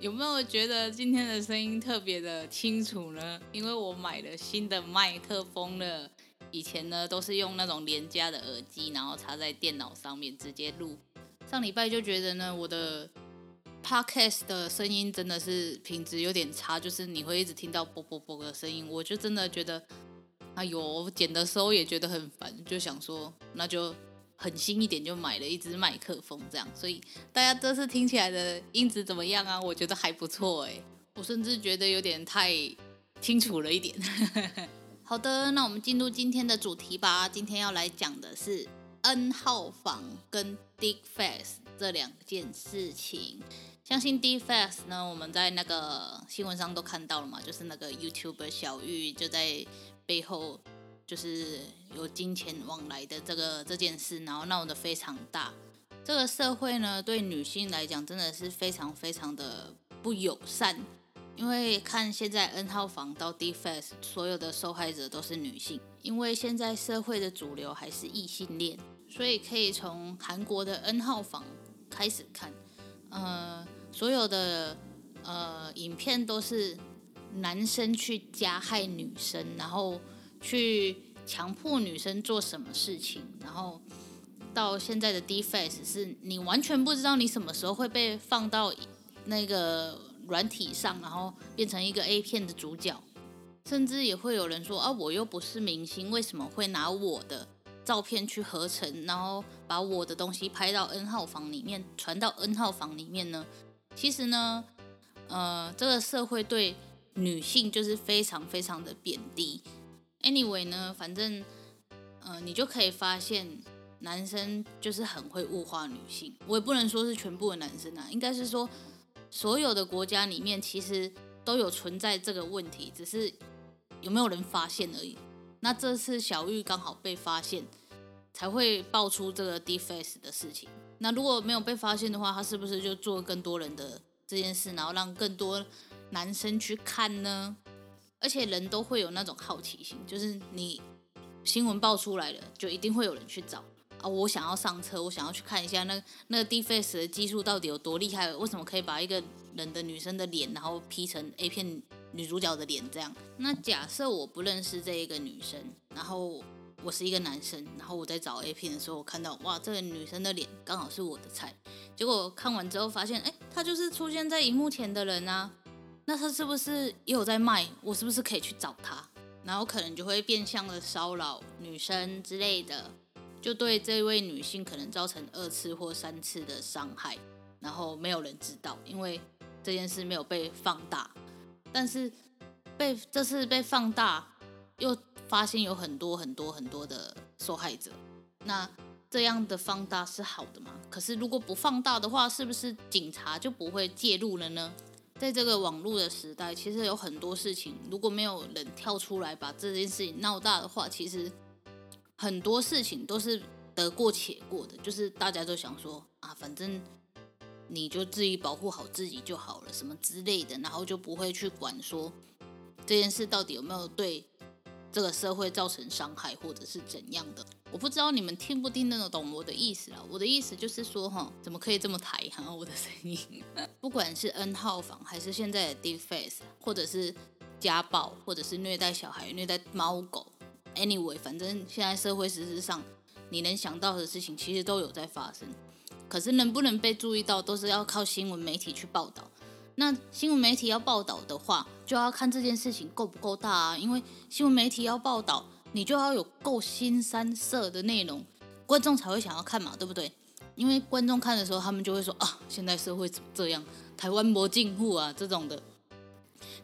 有沒有覺得今天的聲音特別的清楚呢？因為我買了新的麥克風了。以前呢都是用那種廉價的耳機，然後插在電腦上面直接錄。上禮拜就覺得呢，我的 Podcast 的聲音真的是品質有點差，就是你會一直聽到啵啵啵啵的聲音。我就真的覺得，哎呦，剪的時候也覺得很煩，就想說那就。狠心一點就買了一支麥克風，這樣，所以大家這次聽起來的音質怎麼樣啊？我覺得還不錯哎，我甚至覺得有點太清楚了一點。 好的，那我們進入今天的主題吧。今天要來講的是 N 號房跟 DeepFace 這兩件事情。相信 DeepFace 呢，我們在那個新聞上都看到了嘛，就是那個 YouTuber 小玉就在背後。就是有金錢往來的這個這件事，然後鬧得非常大。這個社會呢，對女性來講真的是非常非常的不友善。因為看現在 N 號房到 DeepFace，所有的受害者都是女性。因為現在社會的主流還是異性戀，所以可以從韓國的 N 號房開始看。呃，所有的呃影片都是男生去加害女生，然後，去強迫女生做什麼事情，然後到現在的 DeepFace 是你完全不知道你什麼時候會被放到那個軟體上，然後變成一個 A 片的主角，甚至也會有人說啊，我又不是明星，為什麼會拿我的照片去合成，然後把我的東西拍到 N 號房裡面，傳到 N 號房裡面呢？其實呢，呃，這個社會對女性就是非常非常的貶低。Anyway 呢，反正，呃，你就可以發現男生就是很會物化女性。我也不能說是全部的男生啊，應該是說所有的國家裡面其實都有存在這個問題，只是有沒有人發現而已。那這次小玉剛好被發現，才會爆出這個 DeepFace 的事情。那如果沒有被發現的話，他是不是就做更多人的這件事，然後讓更多男生去看呢？而且人都會有那種好奇心，就是你新聞爆出來了，就一定會有人去找啊。我想要上車，我想要去看一下那那個 DeepFace 的技術到底有多厲害，為什麼可以把一個人的女生的臉，然後 P 成 A 片女主角的臉這樣？那假設我不認識這一個女生，然後我是一個男生，然後我在找 A 片的時候，我看到哇，這個女生的臉剛好是我的菜，結果看完之後發現，誒，她就是出現在熒幕前的人啊。那他是不是也有在賣？我是不是可以去找他？然後可能就會變相的騷擾女生之類的，就對這位女性可能造成二次或三次的傷害。然後沒有人知道，因為這件事沒有被放大。但是被這次被放大，又發現有很多很多很多的受害者。那這樣的放大是好的嗎？可是如果不放大的話，是不是警察就不會介入了呢？在這個網絡的時代，其實有很多事情，如果沒有人跳出來把這件事情鬧大的話，其實很多事情都是得過且過的，就是大家都想說啊，反正你就自己保護好自己就好了，什麼之類的，然後就不會去管說這件事到底有沒有對這個社會造成傷害，或者是怎樣的。我不知道你們聽不聽得懂我的意思啊。我的意思就是說，哈，怎麼可以這麼台寒？我的聲音，不管是 N 號房，還是現在的 DeepFace，或者是家暴，或者是虐待小孩、虐待貓狗。Anyway，反正現在社會事實上，你能想到的事情其實都有在發生。可是能不能被注意到，都是要靠新聞媒體去報道。那新聞媒體要報道的話，就要看這件事情夠不夠大啊？因為新聞媒體要報道。你就要有夠腥羶色的內容，觀眾才會想要看嘛，對不對？因為觀眾看的時候，他們就會說啊，現在社會怎麼這樣，台灣魔鏡戶啊這種的，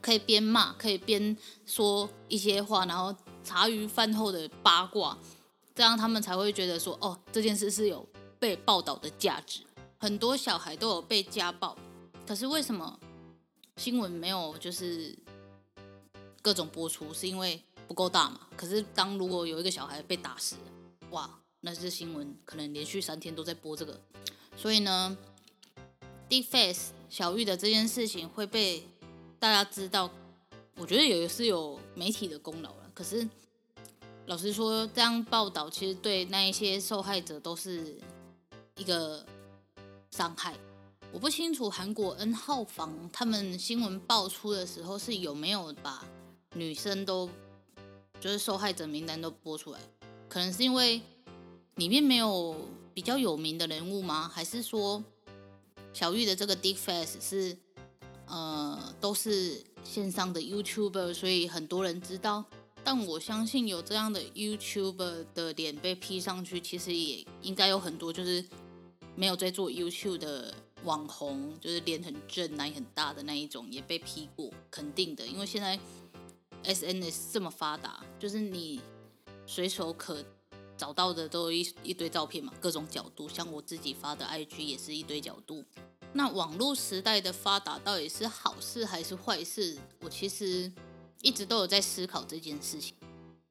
可以邊罵，可以邊說一些話，然後茶餘飯後的八卦，這樣他們才會覺得說，哦，這件事是有被報道的價值。很多小孩都有被家暴，可是為什麼新聞沒有就是各種播出？是因為。不夠大嘛？可是當如果有一個小孩被打死，哇，那這新聞可能連續三天都在播這個。所以呢，DeepFace 小玉的這件事情會被大家知道，我覺得也是有媒體的功勞了。可是老實說，這樣報道其實對那一些受害者都是一個傷害。我不清楚韓國 N 號房他們新聞爆出的時候是有沒有把女生都，就是受害者名單都播出來，可能是因為裡面沒有比較有名的人物嗎？還是說小玉的這個 DeepFace 是呃都是線上的 YouTuber，所以很多人知道？但我相信有這樣的 YouTuber 的臉被 P 上去，其實也應該有很多就是沒有在做 YouTube 的網紅，就是臉很正、奶很大的那一種也被 P 過，肯定的，因為現在。S N S 這麼發達，就是你隨手可找到的都有一一堆照片嘛，各種角度。像我自己發的 I G 也是一堆角度。那網絡時代的發達到底是好事還是壞事？我其實一直都有在思考這件事情。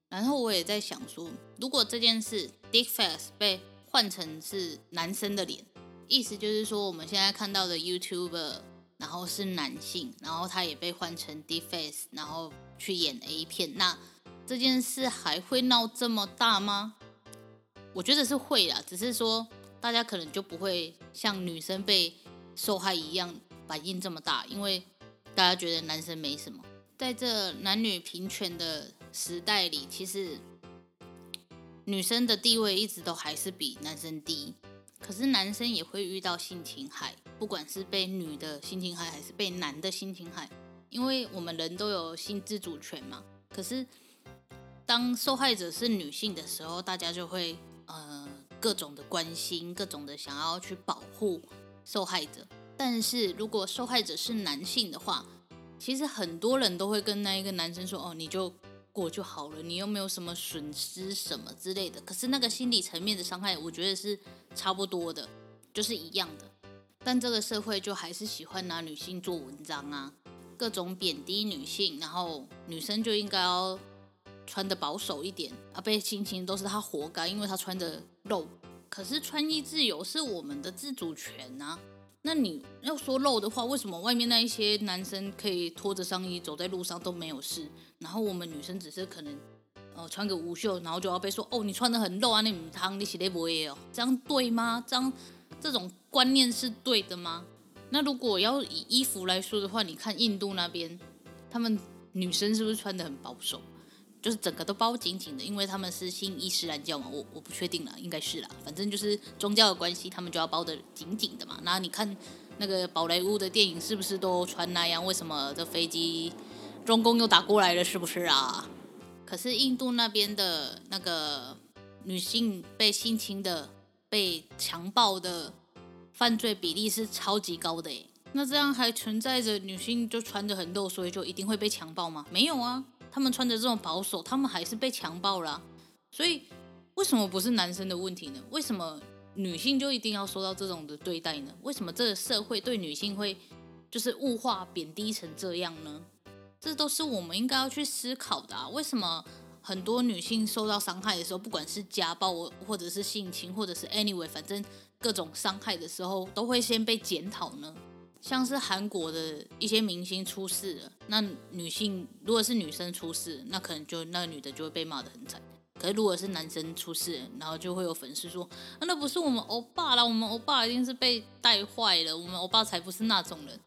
然後我也在想說，如果這件事 DeepFace 被換成是男生的臉，意思就是說我們現在看到的 YouTuber 然後是男性，然後他也被換成 DeepFace，然後。去演 A 片，那這件事還會鬧這麼大嗎？我覺得是會啦，只是說大家可能就不會像女生被受害一樣反應這麼大，因為大家覺得男生沒什麼。在這男女平權的時代裡，其實女生的地位一直都還是比男生低，可是男生也會遇到性侵害，不管是被女的性侵害，還是被男的性侵害。因為我們人都有性自主權嘛，可是當受害者是女性的時候，大家就會呃各種的關心，各種的想要去保護受害者。但是如果受害者是男性的話，其實很多人都會跟那一個男生說：“哦，你就過就好了，你又沒有什麼損失什麼之類的。”可是那個心理層面的傷害，我覺得是差不多的，就是一樣的。但這個社會就還是喜歡拿女性做文章啊。各種貶低女性，然後女生就應該要穿得保守一點啊，被親親都是她活該，因為她穿著露。可是穿衣自由是我們的自主權吶啊。那你要說露的話，為什麼外面那一些男生可以脫著上衣走在路上都沒有事，然後我們女生只是可能呃穿個無袖，然後就要被說，哦，你穿得很露啊，那母湯，你洗得唔耶哦，這樣對嗎？這樣這種觀念是對的嗎？那如果要以衣服來說的話，你看印度那邊，她們女生是不是穿得很保守，就是整個都包緊緊的，因為他們是信伊斯蘭教嘛。我我不確定了，應該是啦、啊，反正就是宗教的關係，他們就要包得緊緊的嘛。那你看那個寶萊塢的電影是不是都穿那樣？為什麼這飛機中共又打過來了，是不是啊？可是印度那邊的那個女性被性侵的，被強暴的。犯罪比例是超級高的誒，那這樣還存在着女性就穿着很露，所以就一定會被強暴嗎？沒有啊，她們穿着這麼保守，她們還是被強暴了。所以為什麼不是男生的問題呢？為什麼女性就一定要受到這種的對待呢？為什麼這個社會對女性會就是物化、貶低成這樣呢？這都是我們應該要去思考的啊！為什麼？很多女性受到傷害的時候，不管是家暴，或者是性侵，或者是 anyway，反正各種傷害的時候，都會先被檢討呢。像是韓國的一些明星出事了，那女性如果是女生出事，那可能就那個女的就會被罵得很慘。可是如果是男生出事，然後就會有粉絲說，那不是我們歐巴啦，我們歐巴一定是被帶壞了，我們歐巴才不是那種人。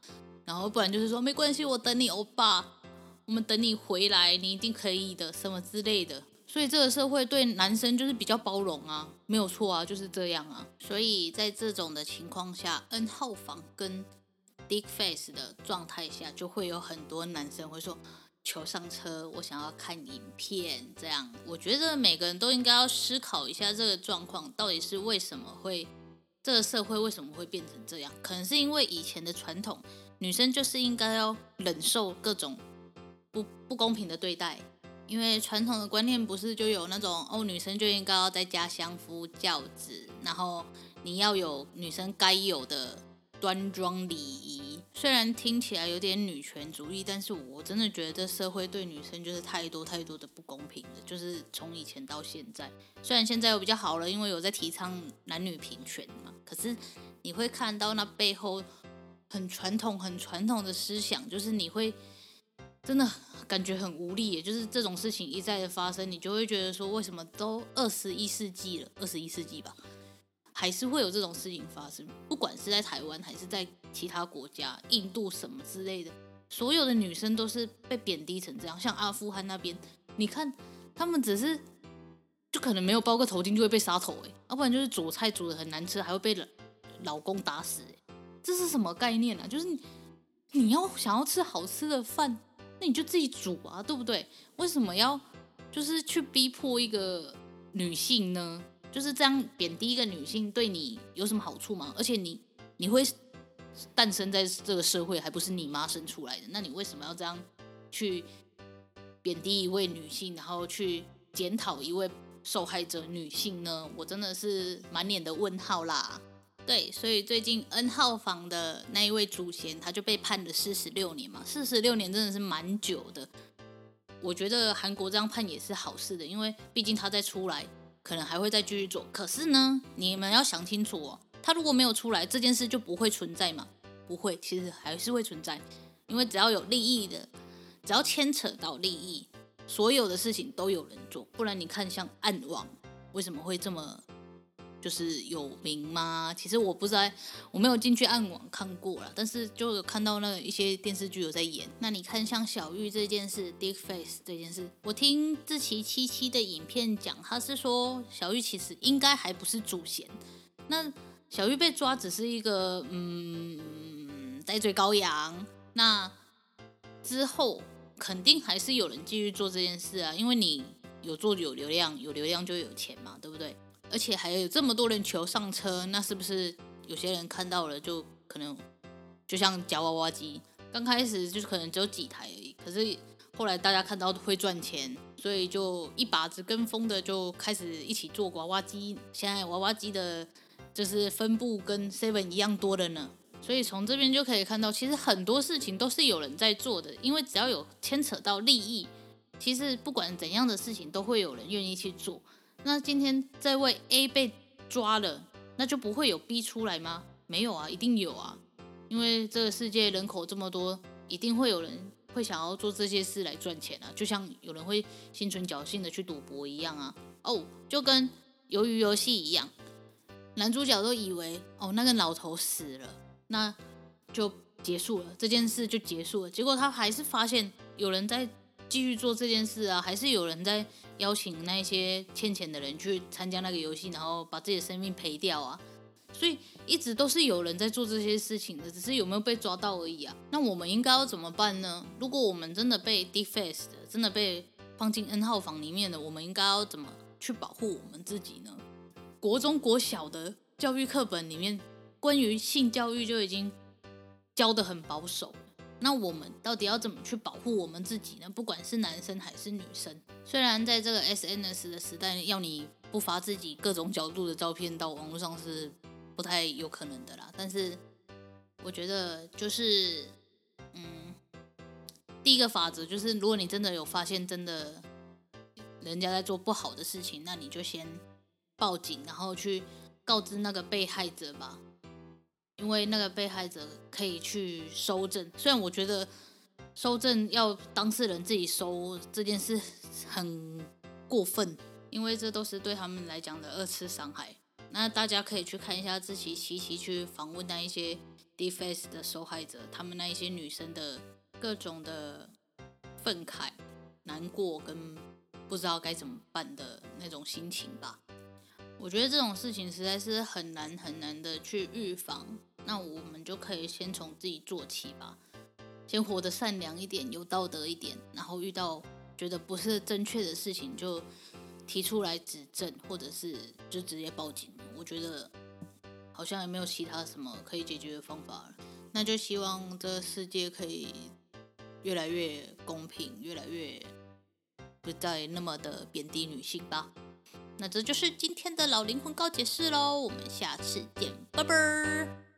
然後不然就是說沒關係，我等你歐巴。我們等你回來，你一定可以的，什麼之類的。所以這個社會對男生就是比較包容啊，沒有錯啊，就是這樣啊。所以在這種的情況下，N 號房跟 DeepFace 的狀態下，就會有很多男生會說求上車，我想要看影片，這樣。我覺得每個人都應該要思考一下，這個狀況到底是為什麼會，這個社會為什麼會變成這樣？可能是因為以前的傳統，女生就是應該要忍受各種。不不公平的對待，因為傳統的觀念不是就有那種哦，女生就應該要在家相夫教子，然後你要有女生該有的端莊禮儀。雖然聽起來有點女權主義，但是我真的覺得這社會對女生就是太多太多的不公平了。就是從以前到現在，雖然現在又比較好了，因為有在提倡男女平權嘛，可是你會看到那背後很傳統、很傳統的思想，就是你會。真的感覺很無力，也就是這種事情一再的發生，你就會覺得說，為什麼都二十一世紀了，二十一世紀吧，還是會有這種事情發生？不管是在台灣還是在其他國家，印度什麼之類的，所有的女生都是被貶低成這樣。像阿富汗那邊，你看他們只是就可能沒有包個頭巾就會被殺頭，哎，要不然就是煮菜煮得很難吃，還會被老公打死，這是什麼概念啊？就是你，你要想要吃好吃的飯。那你就自己煮啊，對不對？為什麼要就是去逼迫一個女性呢？就是這樣貶低一個女性，對你有什麼好處嗎？而且你你會誕生在這個社會，還不是你媽生出來的？那你為什麼要這樣去貶低一位女性，然後去檢討一位受害者女性呢？我真的是滿臉的問號啦！對，所以最近 N 號房的那一位主嫌，他就被判了四十六年嘛，四十六年真的是蠻久的。我覺得韓國這樣判也是好事的，因為畢竟他再出來，可能還會再繼續做。可是呢，你們要想清楚哦，他如果沒有出來，這件事就不會存在嘛？不會，其實還是會存在，因為只要有利益的，只要牽扯到利益，所有的事情都有人做。不然你看，像暗網為什麼會這麼？就是有名嗎？其實我不知道，我沒有進去暗網看過了，但是就有看到那一些電視劇有在演。那你看像小玉這件事，DeepFace 這件事，我聽志祺七七的影片講，他是說小玉其實應該還不是主嫌，那小玉被抓只是一個嗯戴罪羔羊。那之後肯定還是有人繼續做這件事啊，因為你有做有流量，有流量就有錢嘛，對不對？而且還有這麼多人求上車，那是不是有些人看到了就可能就像夾娃娃機，剛開始就可能只有幾台而已，可是後來大家看到都會賺錢，所以就一把子跟風的就開始一起做娃娃機。現在娃娃機的就是分布跟 Seven 一樣多的呢，所以從這邊就可以看到，其實很多事情都是有人在做的，因為只要有牽扯到利益，其實不管怎樣的事情都會有人願意去做。那今天這位 A 被抓了，那就不會有 B 出來嗎？沒有啊，一定有啊，因為這個世界人口這麼多，一定會有人會想要做這些事來賺錢啊，就像有人會心存僥倖的去賭博一樣啊。哦，就跟魷魚遊戲一樣，男主角都以為哦那個老頭死了，那就結束了，這件事就結束了，結果他還是發現有人在繼續做這件事啊，還是有人在邀請那些欠錢的人去參加那個遊戲，然後把自己的生命賠掉啊。所以一直都是有人在做這些事情的，只是有沒有被抓到而已啊。那我們應該要怎麼辦呢？如果我們真的被 DeepFace，真的被放進 N 號房裡面的，我們應該要怎麼去保護我們自己呢？國中國小的教育課本裡面關於性教育就已經教得很保守。那我們到底要怎麼去保護我們自己呢？不管是男生還是女生，雖然在這個 SNS 的時代，要你不發自己各種角度的照片到網絡上是不太有可能的啦，但是我覺得就是，嗯，第一個法則就是，如果你真的有發現真的人家在做不好的事情，那你就先報警，然後去告知那個被害者吧。因為那個被害者可以去搜證，雖然我覺得搜證要當事人自己收這件事很過分，因為這都是對他們來講的二次傷害。那大家可以去看一下志祺七七去訪問那一些 DeepFace 的受害者，他們那一些女生的各種的憤慨、難過跟不知道該怎麼辦的那種心情吧。我覺得這種事情實在是很難很難的去預防，那我們就可以先從自己做起吧，先活得善良一點，有道德一點，然後遇到覺得不是正確的事情就提出來指正，或者是就直接報警。我覺得好像也沒有其他什麼可以解決的方法了，那就希望這個世界可以越來越公平，越來越不再那麼的貶低女性吧。那這就是今天的老靈魂告解室嘍，我們下次見，拜拜。